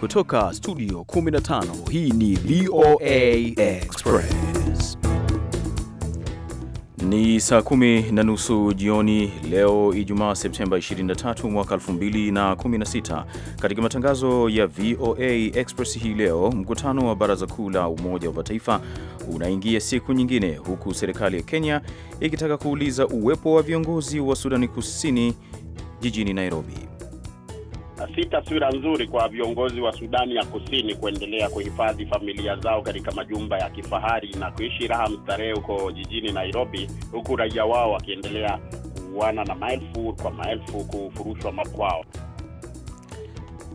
Kutoka studio 15 hii ni VOA Express. Ni saa kumi na nusu jioni leo Ijumaa Septemba 23 mwaka 2016. Katika matangazo ya VOA Express hii leo, mkutano wa Baraza Kuu la Umoja wa Mataifa unaingia siku nyingine, huku serikali ya Kenya ikitaka kuuliza uwepo wa viongozi wa Sudani Kusini jijini Nairobi. Uh, si taswira nzuri kwa viongozi wa Sudani ya Kusini kuendelea kuhifadhi familia zao katika majumba ya kifahari na kuishi raha mstarehe huko jijini Nairobi, huku raia wao wakiendelea kuuana na maelfu kwa maelfu kufurushwa makwao.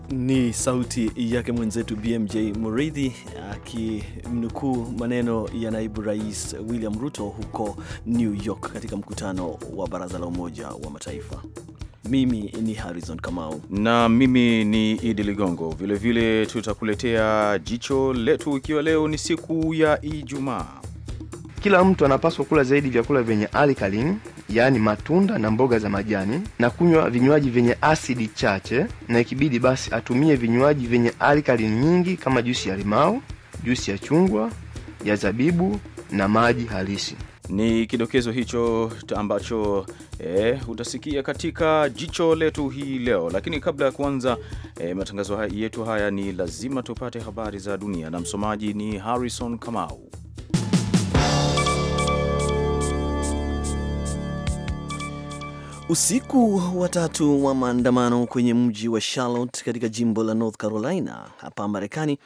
Ni sauti yake mwenzetu BMJ Muridhi akimnukuu maneno ya naibu rais William Ruto huko New York katika mkutano wa baraza la Umoja wa Mataifa. Mimi ni Harrison Kamau na mimi ni Idi Ligongo. Vilevile tutakuletea jicho letu, ikiwa leo ni siku ya Ijumaa. Kila mtu anapaswa kula zaidi vyakula vyenye alikalin yaani matunda na mboga za majani, na kunywa vinywaji vyenye asidi chache, na ikibidi basi atumie vinywaji vyenye alkalini nyingi kama juisi ya limau, juisi ya chungwa, ya zabibu na maji halisi. Ni kidokezo hicho ambacho eh, utasikia katika jicho letu hii leo, lakini kabla ya kuanza eh, matangazo yetu haya, ni lazima tupate habari za dunia, na msomaji ni Harrison Kamau. Usiku wa tatu wa maandamano kwenye mji wa Charlotte katika jimbo la North Carolina hapa Marekani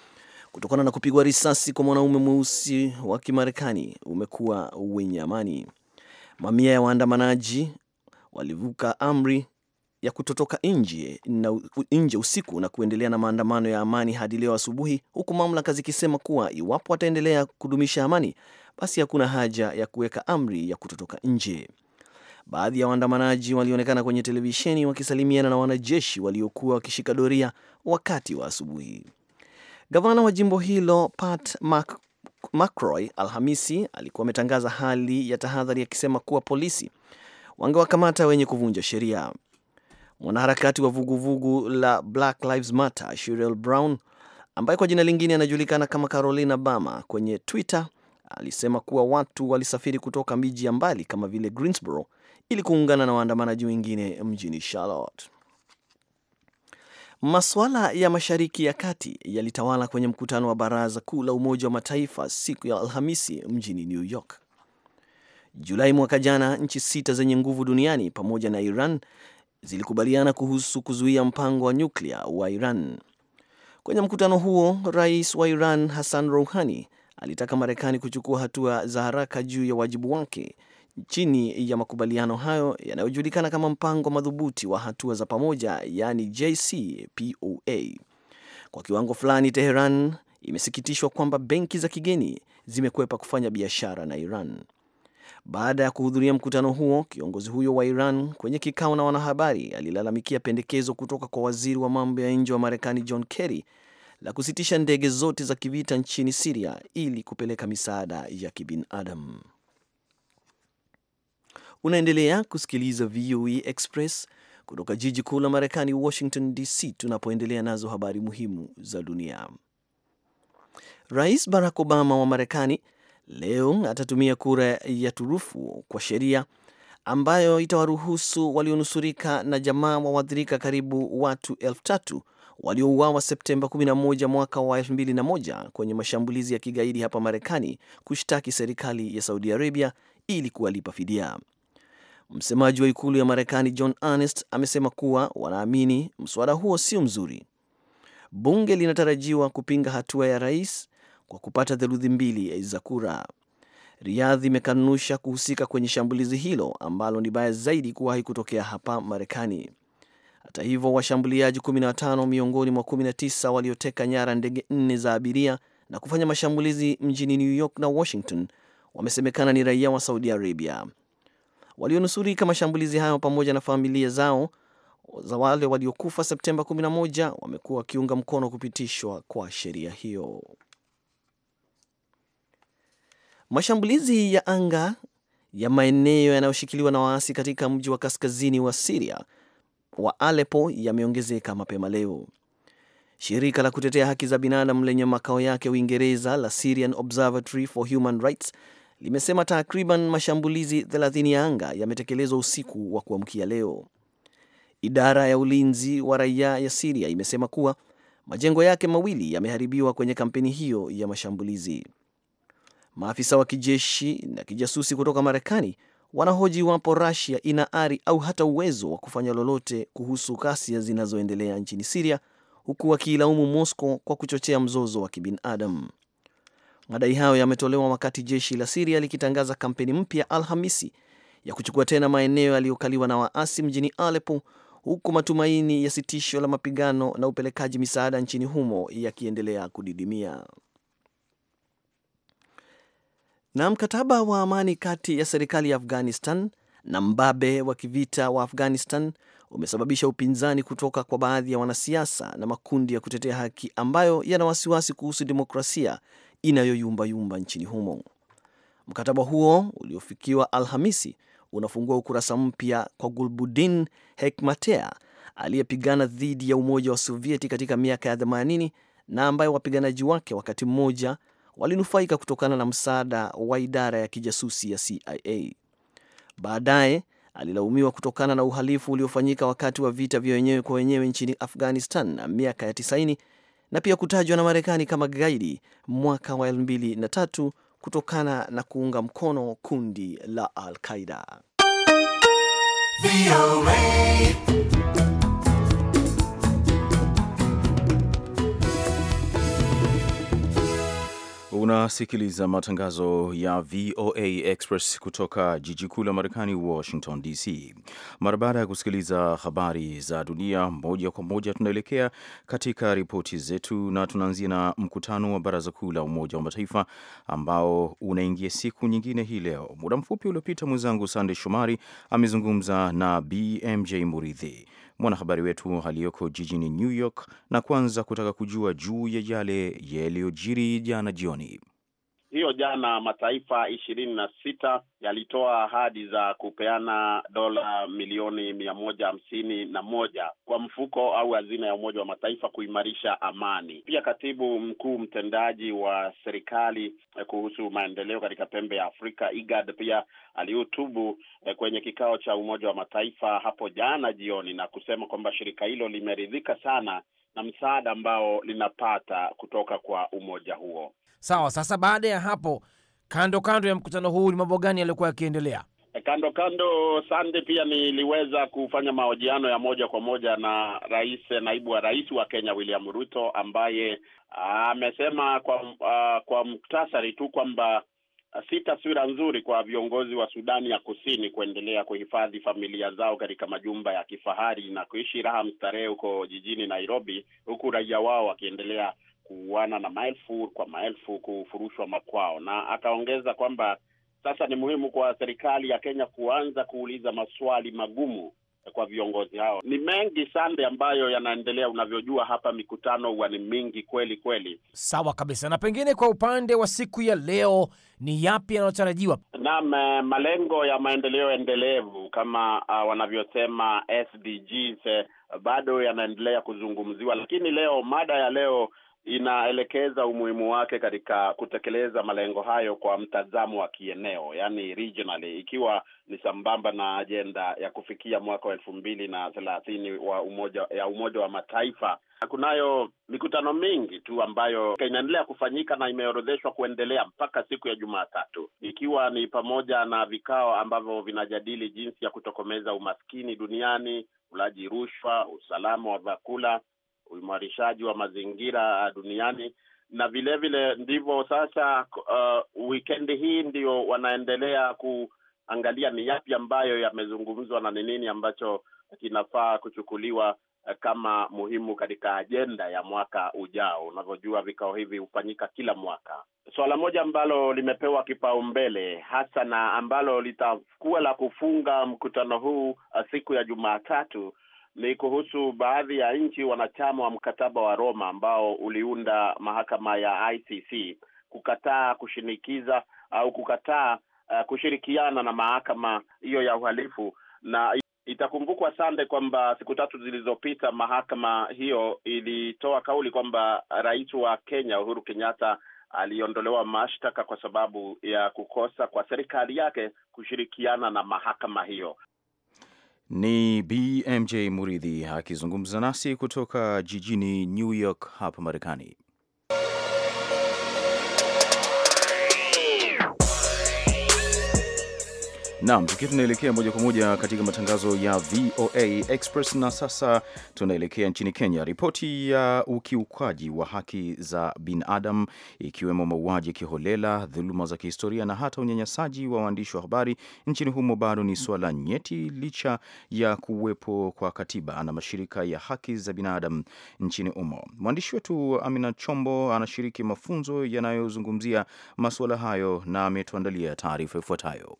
kutokana na kupigwa risasi kwa mwanaume mweusi wa Kimarekani umekuwa wenye amani. Mamia ya waandamanaji walivuka amri ya kutotoka nje na nje usiku na kuendelea na maandamano ya amani hadi leo asubuhi, huku mamlaka zikisema kuwa iwapo wataendelea kudumisha amani, basi hakuna haja ya kuweka amri ya kutotoka nje. Baadhi ya waandamanaji walionekana kwenye televisheni wakisalimiana na wanajeshi waliokuwa wakishika doria wakati wa asubuhi. Gavana wa jimbo hilo Pat McCrory Alhamisi alikuwa ametangaza hali ya tahadhari akisema kuwa polisi wangewakamata wenye kuvunja sheria. Mwanaharakati wa vuguvugu vugu la Black Lives Matter Sherrell Brown ambaye kwa jina lingine anajulikana kama Carolina Bama kwenye Twitter alisema kuwa watu walisafiri kutoka miji ya mbali kama vile Greensboro ili kuungana na waandamanaji wengine mjini Charlotte. Masuala ya Mashariki ya Kati yalitawala kwenye mkutano wa Baraza Kuu la Umoja wa Mataifa siku ya Alhamisi mjini New York. Julai mwaka jana, nchi sita zenye nguvu duniani pamoja na Iran zilikubaliana kuhusu kuzuia mpango wa nyuklia wa Iran. Kwenye mkutano huo, rais wa Iran Hassan Rouhani alitaka Marekani kuchukua hatua za haraka juu ya wajibu wake chini ya makubaliano hayo yanayojulikana kama mpango madhubuti wa hatua za pamoja, yaani JCPOA. Kwa kiwango fulani, Teheran imesikitishwa kwamba benki za kigeni zimekwepa kufanya biashara na Iran. Baada ya kuhudhuria mkutano huo, kiongozi huyo wa Iran kwenye kikao na wanahabari alilalamikia pendekezo kutoka kwa waziri wa mambo ya nje wa Marekani John Kerry la kusitisha ndege zote za kivita nchini Siria ili kupeleka misaada ya kibinadamu. Unaendelea kusikiliza VOA e Express kutoka jiji kuu la Marekani, Washington DC, tunapoendelea nazo habari muhimu za dunia. Rais Barack Obama wa Marekani leo atatumia kura ya turufu kwa sheria ambayo itawaruhusu walionusurika na jamaa wa waathirika karibu watu elfu tatu waliouawa Septemba 11 mwaka wa 2001 kwenye mashambulizi ya kigaidi hapa Marekani kushtaki serikali ya Saudi Arabia ili kuwalipa fidia. Msemaji wa ikulu ya Marekani John Ernest amesema kuwa wanaamini mswada huo sio mzuri. Bunge linatarajiwa kupinga hatua ya rais kwa kupata theluthi mbili za kura. Riyadh imekanusha kuhusika kwenye shambulizi hilo ambalo ni baya zaidi kuwahi kutokea hapa Marekani. Hata hivyo, washambuliaji 15 miongoni mwa 19 walioteka nyara ndege nne za abiria na kufanya mashambulizi mjini New York na Washington wamesemekana ni raia wa Saudi Arabia. Walionusurika mashambulizi hayo pamoja na familia zao za wale waliokufa Septemba 11 wamekuwa wakiunga mkono kupitishwa kwa sheria hiyo. Mashambulizi ya anga ya maeneo yanayoshikiliwa na waasi katika mji wa kaskazini wa Siria wa Alepo yameongezeka mapema leo. Shirika la kutetea haki za binadamu lenye makao yake Uingereza la Syrian Observatory for Human Rights limesema takriban mashambulizi 30 ya anga yametekelezwa usiku wa kuamkia leo. Idara ya ulinzi wa raia ya Siria imesema kuwa majengo yake mawili yameharibiwa kwenye kampeni hiyo ya mashambulizi. Maafisa wa kijeshi na kijasusi kutoka Marekani wanahoji iwapo Russia ina ari au hata uwezo wa kufanya lolote kuhusu ghasia zinazoendelea nchini Siria, huku wakiilaumu Moscow kwa kuchochea mzozo wa kibinadamu. Madai hayo yametolewa wakati jeshi la Siria likitangaza kampeni mpya Alhamisi ya kuchukua tena maeneo yaliyokaliwa na waasi mjini alepo huku matumaini ya sitisho la mapigano na upelekaji misaada nchini humo yakiendelea kudidimia. Na mkataba wa amani kati ya serikali ya Afghanistan na mbabe wa kivita wa Afghanistan umesababisha upinzani kutoka kwa baadhi ya wanasiasa na makundi ya kutetea haki ambayo yana wasiwasi kuhusu demokrasia inayoyumbayumba nchini humo. Mkataba huo uliofikiwa Alhamisi unafungua ukurasa mpya kwa Gulbudin Hekmatea aliyepigana dhidi ya Umoja wa Sovieti katika miaka ya 80 na ambaye wapiganaji wake wakati mmoja walinufaika kutokana na msaada wa idara ya kijasusi ya CIA. Baadaye alilaumiwa kutokana na uhalifu uliofanyika wakati wa vita vya wenyewe kwa wenyewe nchini Afghanistan na miaka ya 90 na pia kutajwa na Marekani kama gaidi mwaka wa 2003 kutokana na kuunga mkono kundi la Al-Qaida. Unasikiliza matangazo ya VOA Express kutoka jiji kuu la Marekani, Washington DC. Mara baada ya kusikiliza habari za dunia moja kwa moja, tunaelekea katika ripoti zetu na tunaanzia na mkutano wa Baraza Kuu la Umoja wa Mataifa ambao unaingia siku nyingine hii leo. Muda mfupi uliopita, mwenzangu Sande Shomari amezungumza na BMJ Muridhi mwanahabari wetu aliyoko jijini New York na kwanza kutaka kujua juu ya yale yaliyojiri jana jioni hiyo jana mataifa ishirini na sita yalitoa ahadi za kupeana dola milioni mia moja hamsini na moja kwa mfuko au hazina ya Umoja wa Mataifa kuimarisha amani. Pia katibu mkuu mtendaji wa serikali eh, kuhusu maendeleo katika pembe ya Afrika IGAD pia alihutubu eh, kwenye kikao cha Umoja wa Mataifa hapo jana jioni na kusema kwamba shirika hilo limeridhika sana na msaada ambao linapata kutoka kwa umoja huo. Sawa, sasa baada ya hapo, kando kando ya mkutano huu, ni mambo gani yaliyokuwa yakiendelea? Eh, kando kando, Sande, pia niliweza kufanya mahojiano ya moja kwa moja na rais, naibu wa rais wa Kenya William Ruto, ambaye ah, amesema kwa a, ah, kwa muktasari tu kwamba ah, si taswira nzuri kwa viongozi wa Sudani ya Kusini kuendelea kuhifadhi familia zao katika majumba ya kifahari na kuishi raha mstarehe huko jijini Nairobi, huku raia wao wakiendelea kuuana na maelfu kwa maelfu kufurushwa makwao, na akaongeza kwamba sasa ni muhimu kwa serikali ya Kenya kuanza kuuliza maswali magumu kwa viongozi hao. Ni mengi sande ambayo yanaendelea, unavyojua hapa mikutano huwa ni mingi kweli kweli. Sawa kabisa. Na pengine kwa upande wa siku ya leo, ni yapi yanayotarajiwa? nam eh, malengo ya maendeleo endelevu kama uh, wanavyosema SDGs, eh, bado yanaendelea kuzungumziwa, lakini leo mada ya leo inaelekeza umuhimu wake katika kutekeleza malengo hayo kwa mtazamo wa kieneo, yani regionally, ikiwa ni sambamba na ajenda ya kufikia mwaka wa elfu mbili na thelathini wa umoja ya Umoja wa Mataifa. Kunayo mikutano mingi tu ambayo inaendelea kufanyika na imeorodheshwa kuendelea mpaka siku ya Jumatatu, ikiwa ni pamoja na vikao ambavyo vinajadili jinsi ya kutokomeza umaskini duniani, ulaji rushwa, usalama wa vyakula uimarishaji wa mazingira duniani na vilevile vile ndivyo sasa, uh, wikendi hii ndio wanaendelea kuangalia ni yapi ambayo yamezungumzwa na ni nini ambacho kinafaa kuchukuliwa kama muhimu katika ajenda ya mwaka ujao. Unavyojua, vikao hivi hufanyika kila mwaka. Swala moja ambalo limepewa kipaumbele hasa na ambalo litakuwa la kufunga mkutano huu uh, siku ya jumaatatu ni kuhusu baadhi ya nchi wanachama wa mkataba wa Roma ambao uliunda mahakama ya ICC kukataa kushinikiza au kukataa uh, kushirikiana na mahakama hiyo ya uhalifu. Na itakumbukwa Sande kwamba siku tatu zilizopita mahakama hiyo ilitoa kauli kwamba rais wa Kenya Uhuru Kenyatta aliondolewa mashtaka kwa sababu ya kukosa kwa serikali yake kushirikiana na mahakama hiyo. Ni BMJ Muridhi akizungumza nasi kutoka jijini New York hapa Marekani. Naam, tukiwa tunaelekea moja kwa moja katika matangazo ya VOA Express na sasa tunaelekea nchini Kenya. Ripoti ya ukiukaji wa haki za binadamu ikiwemo mauaji kiholela, dhuluma za kihistoria na hata unyanyasaji wa waandishi wa habari nchini humo bado ni swala nyeti, licha ya kuwepo kwa katiba na mashirika ya haki za binadamu nchini humo. Mwandishi wetu Amina Chombo anashiriki mafunzo yanayozungumzia masuala hayo na ametuandalia taarifa ifuatayo.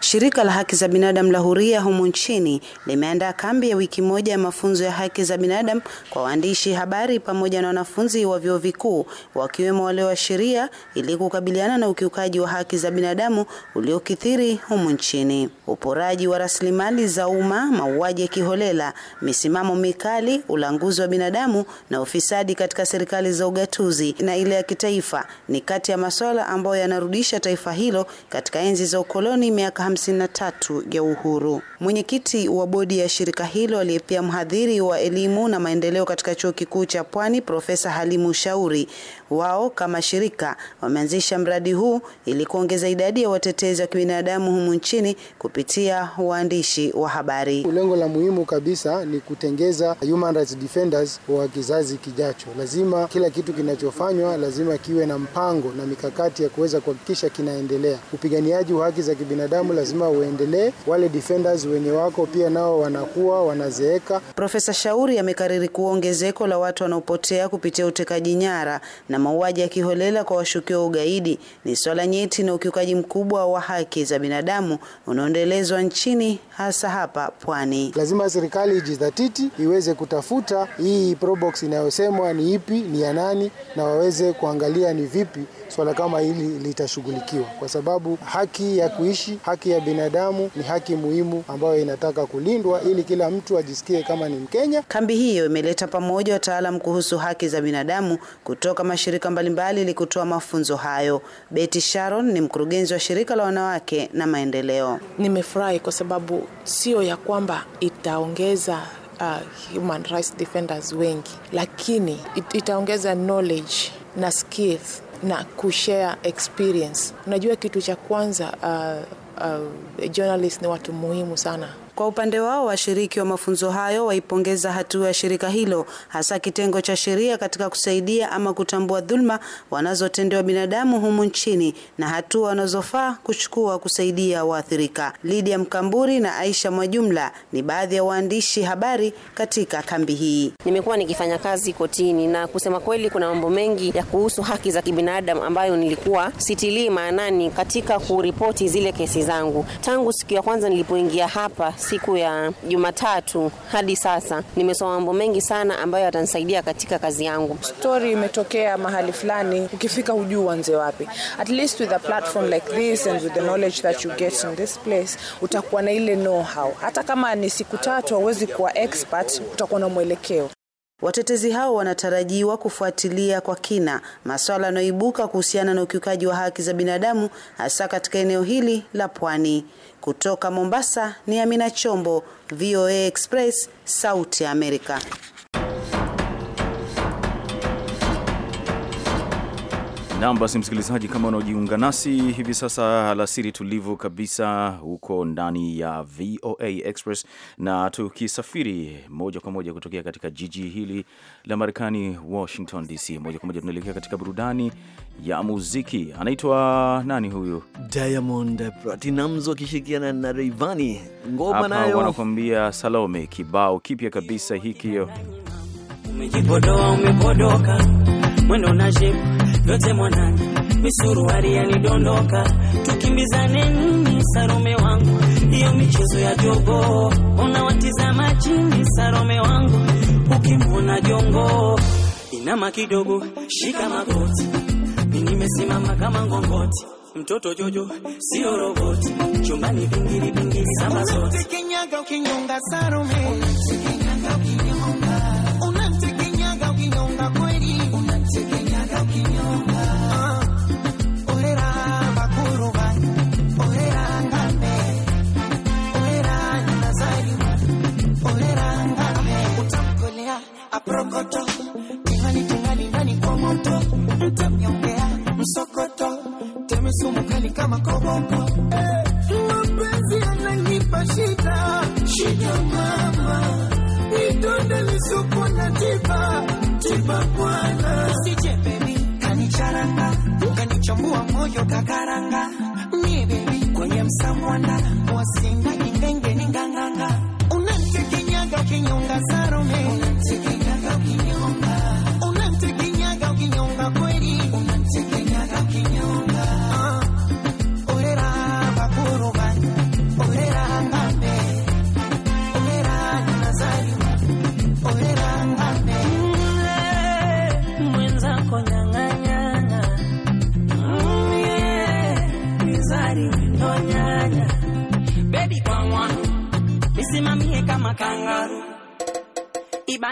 Shirika la haki za binadamu la Huria humu nchini limeandaa kambi ya wiki moja ya mafunzo ya haki za binadamu kwa waandishi habari pamoja na wanafunzi wa vyuo vikuu wakiwemo wale wa sheria ili kukabiliana na ukiukaji wa haki za binadamu uliokithiri humu nchini. Uporaji wa rasilimali za umma, mauaji ya kiholela, misimamo mikali, ulanguzi wa binadamu na ufisadi katika serikali za ugatuzi na ile ya kitaifa ni kati ya masuala ambayo yanarudisha taifa hilo katika enzi za ukoloni miaka miaka 53 ya uhuru. Mwenyekiti wa bodi ya shirika hilo aliyepia mhadhiri wa elimu na maendeleo katika chuo kikuu cha Pwani, Profesa Halimu Shauri, wao kama shirika wameanzisha mradi huu ili kuongeza idadi ya watetezi wa kibinadamu humu nchini kupitia waandishi wa habari. Lengo la muhimu kabisa ni kutengeza human rights defenders wa kizazi kijacho. Lazima kila kitu kinachofanywa lazima kiwe na mpango na mikakati ya kuweza kuhakikisha kinaendelea. Upiganiaji wa haki za kibinadamu timu lazima uendelee, wale defenders wenye wako pia nao wanakuwa wanazeeka. Profesa Shauri amekariri kuwa ongezeko la watu wanaopotea kupitia utekaji nyara na mauaji ya kiholela kwa washukiwa wa ugaidi ni swala nyeti na ukiukaji mkubwa wa haki za binadamu unaoendelezwa nchini hasa hapa pwani. Lazima serikali ijizatiti iweze kutafuta hii probox inayosemwa ni ipi, ni ya nani, na waweze kuangalia ni vipi swala kama hili litashughulikiwa, kwa sababu haki ya kuishi haki haki ya binadamu ni haki muhimu ambayo inataka kulindwa ili kila mtu ajisikie kama ni Mkenya. Kambi hiyo imeleta pamoja wataalam kuhusu haki za binadamu kutoka mashirika mbalimbali ili kutoa mafunzo hayo. Betty Sharon ni mkurugenzi wa shirika la wanawake na maendeleo. Nimefurahi kwa sababu sio ya kwamba itaongeza uh, human rights defenders wengi, lakini it, itaongeza knowledge na skills na kushare experience. Unajua kitu cha kwanza uh, uh, journalist ni watu muhimu sana kwa upande wao washiriki wa mafunzo hayo waipongeza hatua ya shirika hilo hasa kitengo cha sheria katika kusaidia ama kutambua dhulma wanazotendewa binadamu humu nchini na hatua wanazofaa kuchukua kusaidia waathirika. Lydia Mkamburi na Aisha Mwajumla ni baadhi ya waandishi habari katika kambi hii. Nimekuwa nikifanya kazi kotini na kusema kweli, kuna mambo mengi ya kuhusu haki za kibinadamu ambayo nilikuwa sitilii maanani katika kuripoti zile kesi zangu tangu siku ya kwanza nilipoingia hapa siku ya Jumatatu hadi sasa nimesoma mambo mengi sana ambayo yatanisaidia katika kazi yangu. Story imetokea mahali fulani, ukifika hujui uanze wapi. At least with a platform like this and with the knowledge that you get in this place, utakuwa na ile know how. Hata kama ni siku tatu hauwezi kuwa expert, utakuwa na mwelekeo. Watetezi hao wanatarajiwa kufuatilia kwa kina masuala yanayoibuka kuhusiana na ukiukaji wa haki za binadamu hasa katika eneo hili la Pwani. Kutoka Mombasa ni Amina Chombo, VOA Express, Sauti ya Amerika. Nam, basi msikilizaji, kama unaojiunga nasi hivi sasa alasiri tulivu kabisa huko ndani ya VOA Express, na tukisafiri moja kwa moja kutokea katika jiji hili la Marekani, Washington DC, moja kwa moja tunaelekea katika burudani ya muziki. Anaitwa nani huyu? Diamond Platinumz wakishirikiana na Rayvanny, ngoma nayo wanakuambia Salome, kibao kipya kabisa hiki Umejipodoa, mwendo yote mwanani, misuruari yanidondoka, tukimbizane nini Sarome wangu, hiyo michezo ya jogoo, unawatizama chini Sarome wangu, ukimwona jongoo inama kidogo, shika magoti, nimesimama kama ngongoti mtoto Jojo sio roboti, chumbani bingiri bingiri saba zote ukinyonga Sarome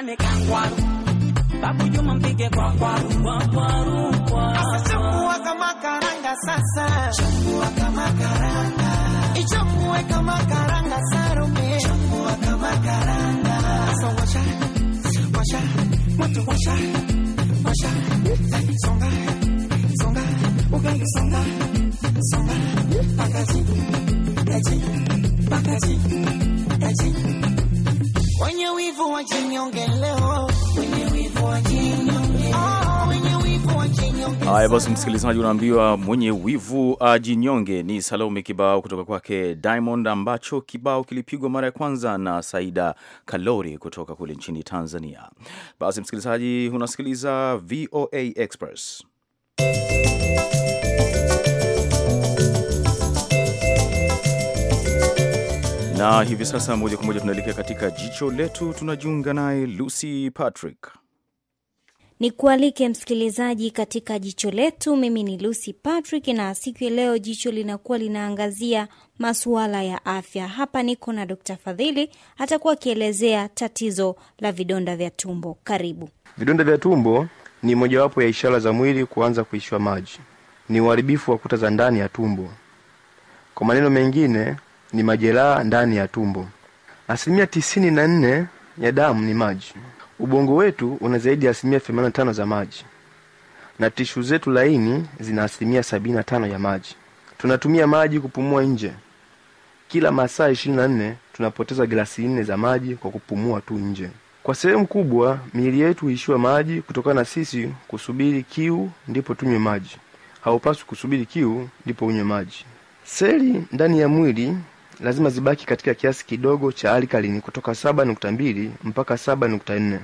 Nitane kangwaru babu Juma mpige kwa kwaru kwa kwaru kwa. Asichambua kama karanga sasa, chambua kama karanga, ichambue kama karanga sarume, chambua kama karanga. Sasa washa washa moto washa washa songa songa ugali songa songa pakazi yaji pakazi yaji wivu wa jinyonge leo, ah, Haya basi, msikilizaji, unaambiwa mwenye wivu ajinyonge. Ni Salome kibao kutoka kwake Diamond, ambacho kibao kilipigwa mara ya kwanza na Saida Kalori kutoka kule nchini Tanzania. Basi msikilizaji, unasikiliza VOA Express na hivi sasa moja kwa moja tunaelekea katika jicho letu. Tunajiunga naye Lucy Patrick. Ni kualike msikilizaji katika jicho letu. Mimi ni Lucy Patrick, na siku ya leo jicho linakuwa linaangazia masuala ya afya. Hapa niko na Dr. Fadhili, atakuwa akielezea tatizo la vidonda vya tumbo. Karibu. Vidonda vya tumbo ni mojawapo ya ishara za mwili kuanza kuishiwa maji, ni uharibifu wa kuta za ndani ya tumbo. Kwa maneno mengine, ni majeraha ndani ya tumbo. Asilimia tisini na nne ya damu ni maji. Ubongo wetu una zaidi ya asilimia themanini na tano za maji na tishu zetu laini zina asilimia sabini na tano ya maji. Tunatumia maji kupumua nje. Kila masaa ishirini na nne tunapoteza glasi nne za maji kwa kupumua tu nje. Kwa sehemu kubwa miili yetu huishiwa maji kutokana na sisi kusubiri kiu ndipo tunywe maji. Haupaswi kusubiri kiu ndipo unywe maji. Seli ndani ya mwili lazima zibaki katika kiasi kidogo cha alkalini kutoka saba mbili mpaka saba nne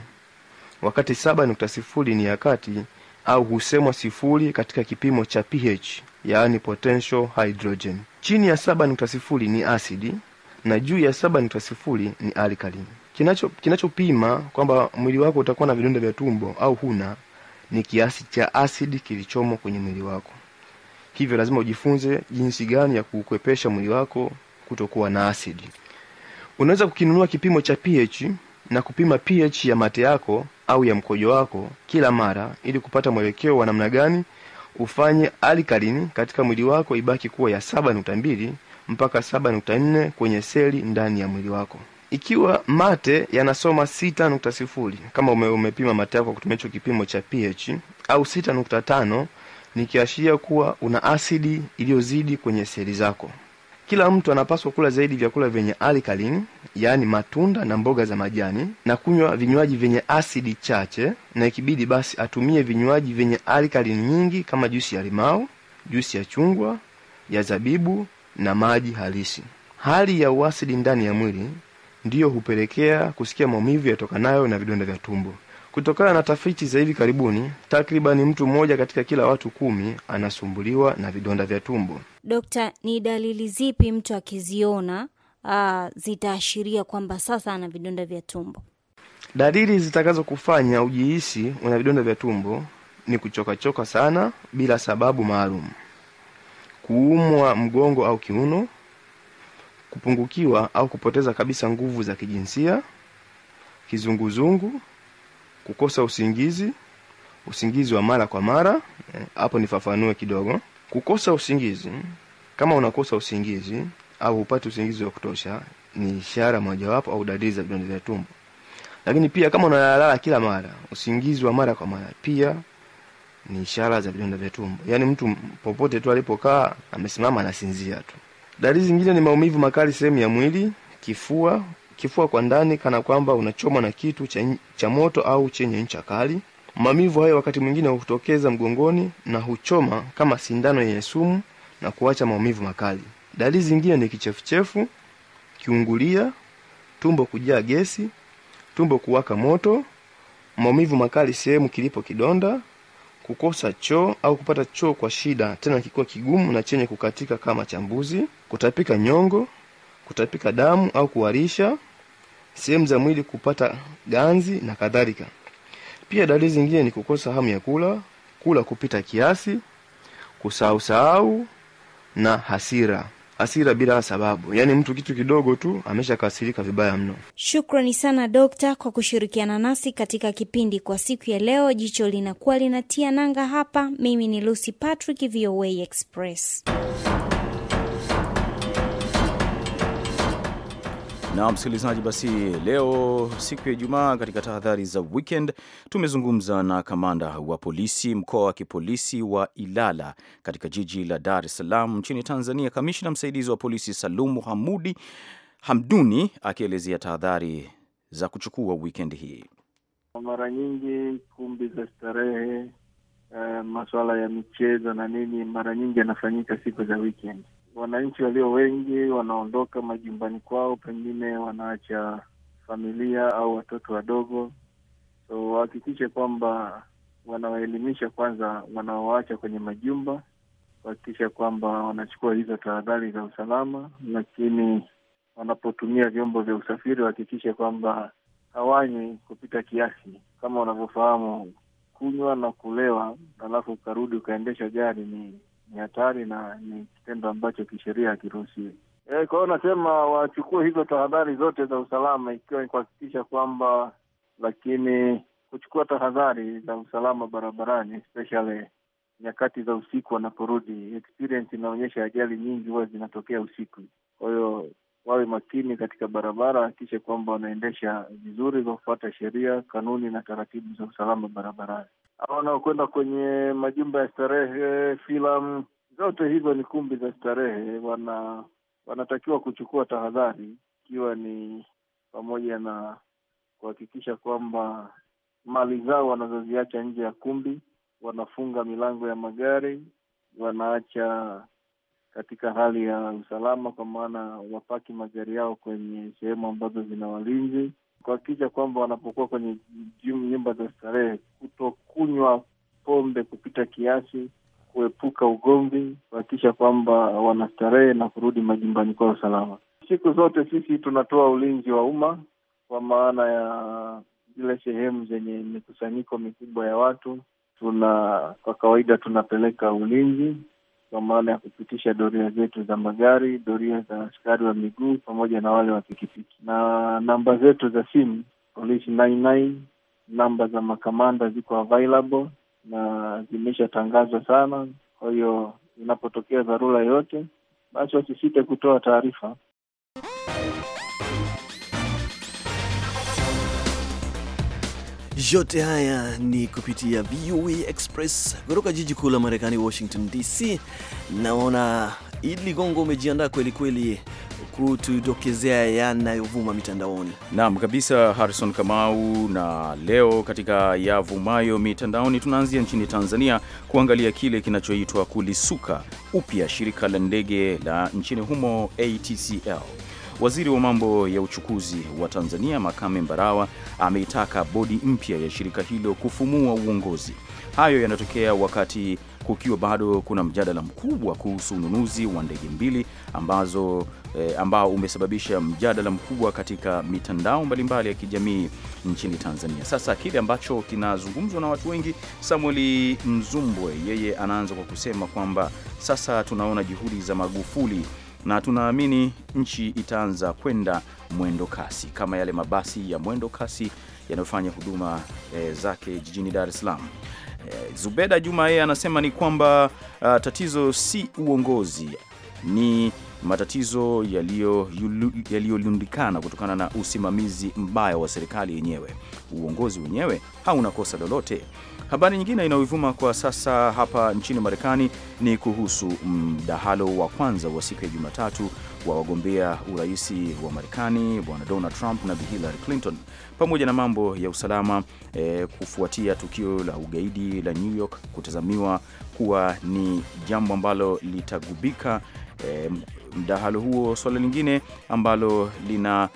wakati saba sifuri ni yakati au husemwa sifuri katika kipimo cha pH, yaani potential hydrogen. Chini ya sifuri ni asidi na juu ya sifuri ni alkalini. Kinachopima kinacho kwamba mwili wako utakuwa na vidonda vya tumbo au huna ni kiasi cha asidi kilichomo kwenye mwili wako. Hivyo lazima ujifunze jinsi gani ya kuukwepesha mwili wako kutokuwa na asidi unaweza kukinunua kipimo cha ph na kupima ph ya mate yako au ya mkojo wako kila mara ili kupata mwelekeo wa namna gani ufanye alkalini katika mwili wako ibaki kuwa ya saba nukta mbili mpaka saba nukta nne kwenye seli ndani ya mwili wako ikiwa mate yanasoma sita nukta sifuri kama ume, umepima mate yako kutumia hicho kipimo cha ph au sita nukta tano nikiashiria kuwa una asidi iliyozidi kwenye seli zako kila mtu anapaswa kula zaidi vyakula vyenye alkalin yaani matunda na mboga za majani, na kunywa vinywaji vyenye asidi chache, na ikibidi basi atumie vinywaji vyenye alkalin nyingi kama juisi ya limau, juisi ya chungwa, ya zabibu na maji halisi. Hali ya uasidi ndani ya mwili ndiyo hupelekea kusikia maumivu yatokanayo na vidonda vya tumbo. Kutokana na tafiti za hivi karibuni, takribani mtu mmoja katika kila watu kumi anasumbuliwa na vidonda vya tumbo. Dokta, ni dalili zipi mtu akiziona ah, zitaashiria kwamba sasa ana vidonda vya tumbo? Dalili zitakazokufanya ujihisi una vidonda vya tumbo ni kuchokachoka sana bila sababu maalum, kuumwa mgongo au kiuno, kupungukiwa au kupoteza kabisa nguvu za kijinsia, kizunguzungu kukosa usingizi, usingizi wa mara kwa mara. Eh, hapo nifafanue kidogo. Kukosa usingizi, kama unakosa usingizi au upate usingizi wa kutosha, ni ishara mojawapo au dalili za vidonda vya tumbo. Lakini pia kama unalala kila mara, usingizi wa mara kwa mara, pia ni ishara za vidonda vya tumbo. Yaani mtu popote tu alipokaa amesimama anasinzia tu. Dalili zingine ni maumivu makali sehemu ya mwili, kifua, kifua kwa ndani, kana kwamba unachomwa na kitu cha, cha moto au chenye ncha kali. Maumivu hayo wakati mwingine hutokeza mgongoni na huchoma kama sindano yenye sumu na kuacha maumivu makali. Dalili zingine ni kichefuchefu, kiungulia, tumbo kujaa gesi, tumbo kuwaka moto, maumivu makali sehemu kilipo kidonda, kukosa choo au kupata choo kwa shida, tena kikuwa kigumu na chenye kukatika kama chambuzi kutapika nyongo, kutapika damu au kuharisha, sehemu za mwili kupata ganzi na kadhalika. Pia dalili zingine ni kukosa hamu ya kula, kula kupita kiasi, kusahausahau na hasira hasira bila sababu, yaani mtu kitu kidogo tu ameshakasirika vibaya mno. Shukrani sana dokta kwa kushirikiana nasi katika kipindi kwa siku ya leo. Jicho linakuwa linatia nanga hapa. Mimi ni Lucy Patrick, VOA Express. Na msikilizaji, basi leo siku ya Ijumaa, katika tahadhari za weekend, tumezungumza na kamanda wa polisi mkoa wa kipolisi wa Ilala katika jiji la Dar es Salaam nchini Tanzania, kamishina msaidizi wa polisi Salumu Hamudi Hamduni akielezea tahadhari za kuchukua weekend hii. Mara nyingi kumbi za starehe, eh, masuala ya michezo na nini, mara nyingi yanafanyika siku za weekend wananchi walio wengi wanaondoka majumbani kwao, pengine wanaacha familia au watoto wadogo, so wahakikishe kwamba wanawaelimisha kwanza wanaoacha kwenye majumba, kuhakikisha kwamba wanachukua hizo tahadhari za usalama, lakini wanapotumia vyombo vya usafiri wahakikishe kwamba hawanywi kupita kiasi. Kama unavyofahamu, kunywa na kulewa alafu ukarudi ukaendesha gari ni ni hatari na ni kitendo ambacho kisheria hakiruhusiwi. E, kwa hiyo nasema wachukue hizo tahadhari zote za usalama, ikiwa ni kuhakikisha kwamba lakini kuchukua tahadhari za usalama barabarani especially nyakati za usiku wanaporudi. Experience inaonyesha ajali nyingi huwa zinatokea usiku, kwa hiyo wawe makini katika barabara, hakikishe kwamba wanaendesha vizuri kwa kufuata sheria, kanuni na taratibu za usalama barabarani au wanaokwenda kwenye majumba ya starehe, filamu, zote hizo ni kumbi za starehe, wana wanatakiwa kuchukua tahadhari, ikiwa ni pamoja na kuhakikisha kwamba mali zao wanazoziacha nje ya kumbi, wanafunga milango ya magari, wanaacha katika hali ya usalama, kwa maana wapaki magari yao kwenye sehemu ambazo zina walinzi kuhakikisha kwamba wanapokuwa kwenye nyumba za starehe, kutokunywa pombe kupita kiasi, kuepuka ugomvi, kuhakikisha kwamba wanastarehe na kurudi majumbani kwao salama. Siku zote sisi tunatoa ulinzi wa umma kwa maana ya zile sehemu zenye mikusanyiko mikubwa ya watu, tuna kwa kawaida tunapeleka ulinzi kwa maana ya kupitisha doria zetu za magari, doria za askari wa miguu pamoja na wale wa pikipiki, na namba zetu za simu polisi 99 namba za makamanda ziko available na zimeshatangazwa sana. Kwa hiyo inapotokea dharura yoyote, basi wasisite kutoa taarifa Yote haya ni kupitia VOA Express kutoka jiji kuu la Marekani, Washington DC. Naona Idi Ligongo umejiandaa kweli kweli kutudokezea yanayovuma mitandaoni. Naam kabisa, Harrison Kamau. Na leo katika yavumayo mitandaoni, tunaanzia nchini Tanzania kuangalia kile kinachoitwa kulisuka upya shirika la ndege la nchini humo ATCL. Waziri wa mambo ya uchukuzi wa Tanzania Makame Mbarawa ameitaka bodi mpya ya shirika hilo kufumua uongozi. Hayo yanatokea wakati kukiwa bado kuna mjadala mkubwa kuhusu ununuzi wa ndege mbili ambazo eh, ambao umesababisha mjadala mkubwa katika mitandao mbalimbali ya kijamii nchini Tanzania. Sasa kile ambacho kinazungumzwa na watu wengi, Samuel Mzumbwe yeye anaanza kwa kusema kwamba sasa tunaona juhudi za Magufuli na tunaamini nchi itaanza kwenda mwendo kasi kama yale mabasi ya mwendo kasi yanayofanya huduma e, zake jijini Dar es Salaam. E, Zubeda Juma yeye anasema ni kwamba a, ah, tatizo si uongozi, ni matatizo yaliyolundikana kutokana na usimamizi mbaya wa serikali yenyewe. Uongozi wenyewe hauna kosa lolote, Habari nyingine inayoivuma kwa sasa hapa nchini Marekani ni kuhusu mdahalo wa kwanza wa siku ya Jumatatu wa wagombea urais wa Marekani bwana Donald Trump na Hillary Clinton, pamoja na mambo ya usalama eh, kufuatia tukio la ugaidi la New York kutazamiwa kuwa ni jambo ambalo litagubika eh, mdahalo huo. Swala lingine ambalo lina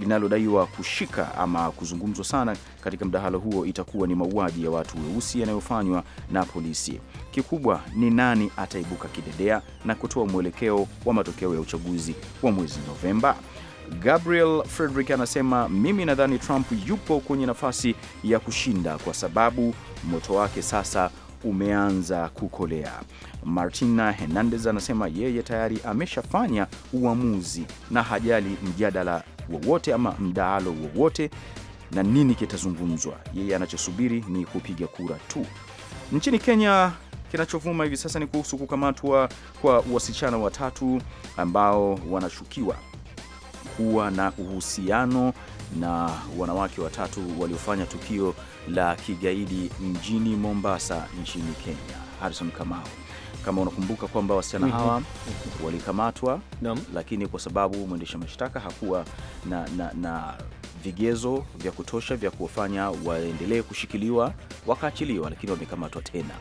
linalodaiwa kushika ama kuzungumzwa sana katika mdahalo huo itakuwa ni mauaji ya watu weusi yanayofanywa na polisi. Kikubwa ni nani ataibuka kidedea na kutoa mwelekeo wa matokeo ya uchaguzi wa mwezi Novemba. Gabriel Frederick anasema mimi nadhani Trump yupo kwenye nafasi ya kushinda kwa sababu moto wake sasa umeanza kukolea. Martina Hernandez anasema yeye tayari ameshafanya uamuzi na hajali mjadala wowote ama mdahalo wowote, na nini kitazungumzwa. Yeye anachosubiri ni kupiga kura tu. Nchini Kenya, kinachovuma hivi sasa ni kuhusu kukamatwa kwa wasichana watatu ambao wanashukiwa kuwa na uhusiano na wanawake watatu waliofanya tukio la kigaidi mjini Mombasa nchini Kenya. Harrison Kamau, kama unakumbuka kwamba wasichana mhm. hawa mhm. walikamatwa, lakini kwa sababu mwendesha mashtaka hakuwa na, na, na vigezo vya kutosha vya kuwafanya waendelee kushikiliwa, wakaachiliwa, lakini wamekamatwa tena.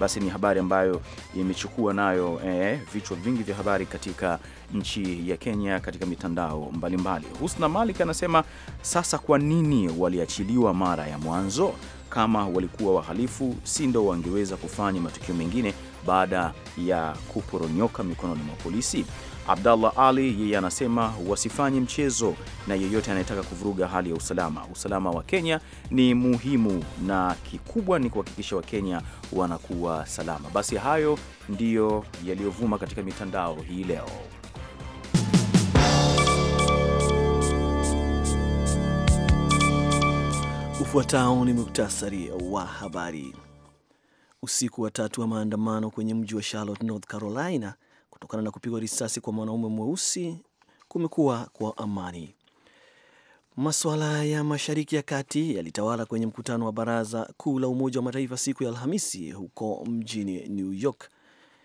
Basi ni habari ambayo imechukua nayo eh, vichwa vingi vya habari katika nchi ya Kenya katika mitandao mbalimbali Husna Malik anasema sasa, kwa nini waliachiliwa mara ya mwanzo? Kama walikuwa wahalifu, si ndo wangeweza kufanya matukio mengine baada ya kuporonyoka mikononi mwa polisi? Abdallah Ali yeye anasema wasifanye mchezo na yeyote anayetaka kuvuruga hali ya usalama. Usalama wa Kenya ni muhimu na kikubwa ni kuhakikisha Wakenya wanakuwa salama. Basi hayo ndiyo yaliyovuma katika mitandao hii leo. Ufuatao ni muktasari wa habari. Usiku wa tatu wa maandamano kwenye mji wa Charlotte, North Carolina kutokana na kupigwa risasi kwa mwanaume mweusi kumekuwa kwa amani. maswala ya Mashariki ya Kati yalitawala kwenye mkutano wa Baraza Kuu la Umoja wa Mataifa siku ya Alhamisi huko mjini New York.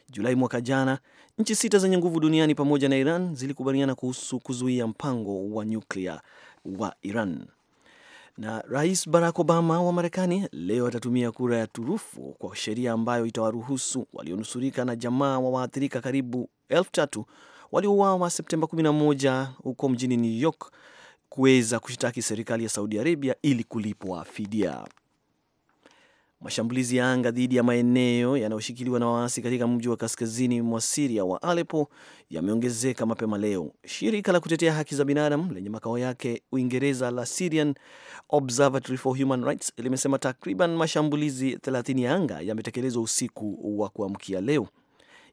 Julai mwaka jana, nchi sita zenye nguvu duniani pamoja na Iran zilikubaliana kuhusu kuzuia mpango wa nyuklia wa Iran. Na Rais Barack Obama wa Marekani leo atatumia kura ya turufu kwa sheria ambayo itawaruhusu walionusurika na jamaa wa waathirika karibu elfu tatu waliouawa Septemba 11 huko mjini New York kuweza kushitaki serikali ya Saudi Arabia ili kulipwa fidia. Mashambulizi ya anga dhidi ya maeneo yanayoshikiliwa na waasi katika mji wa kaskazini mwa Siria wa Alepo yameongezeka mapema leo. Shirika la kutetea haki za binadamu lenye makao yake Uingereza la Syrian Observatory for Human Rights limesema takriban mashambulizi 30 ya anga yametekelezwa usiku wa kuamkia leo.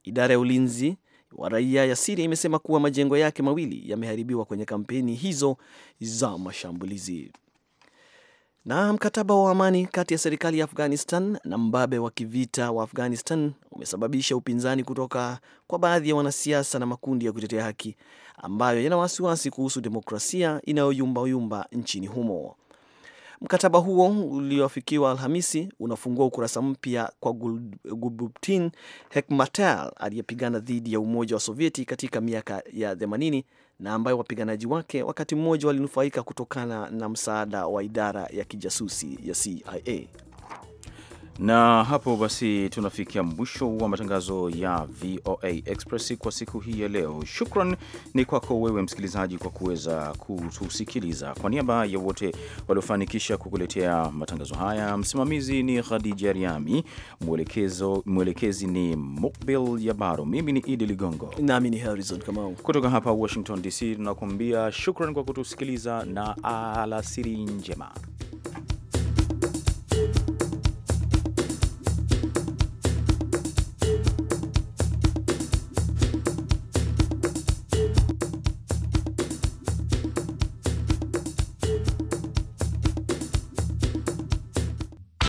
Idara ya ulinzi wa raia ya Siria imesema kuwa majengo yake mawili yameharibiwa kwenye kampeni hizo za mashambulizi. Na mkataba wa amani kati ya serikali ya Afghanistan na mbabe wa kivita wa Afghanistan umesababisha upinzani kutoka kwa baadhi ya wanasiasa na makundi ya kutetea haki ambayo yana wasiwasi kuhusu demokrasia inayoyumbayumba nchini humo. Mkataba huo uliofikiwa Alhamisi unafungua ukurasa mpya kwa Gulbutin hekmatel aliyepigana dhidi ya Umoja wa Sovieti katika miaka ya 80 na ambayo wapiganaji wake wakati mmoja walinufaika kutokana na msaada wa idara ya kijasusi ya CIA na hapo basi tunafikia mwisho wa matangazo ya VOA Express kwa siku hii ya leo. Shukran ni kwako wewe msikilizaji kwa kuweza kutusikiliza. Kwa niaba ya wote waliofanikisha kukuletea matangazo haya, msimamizi ni Khadija Riami, mwelekezo mwelekezi ni Mukbil Yabaro, mimi ni Idi Ligongo nami ni Harrison Kamau kutoka hapa Washington DC, tunakuambia shukran kwa kutusikiliza na alasiri njema.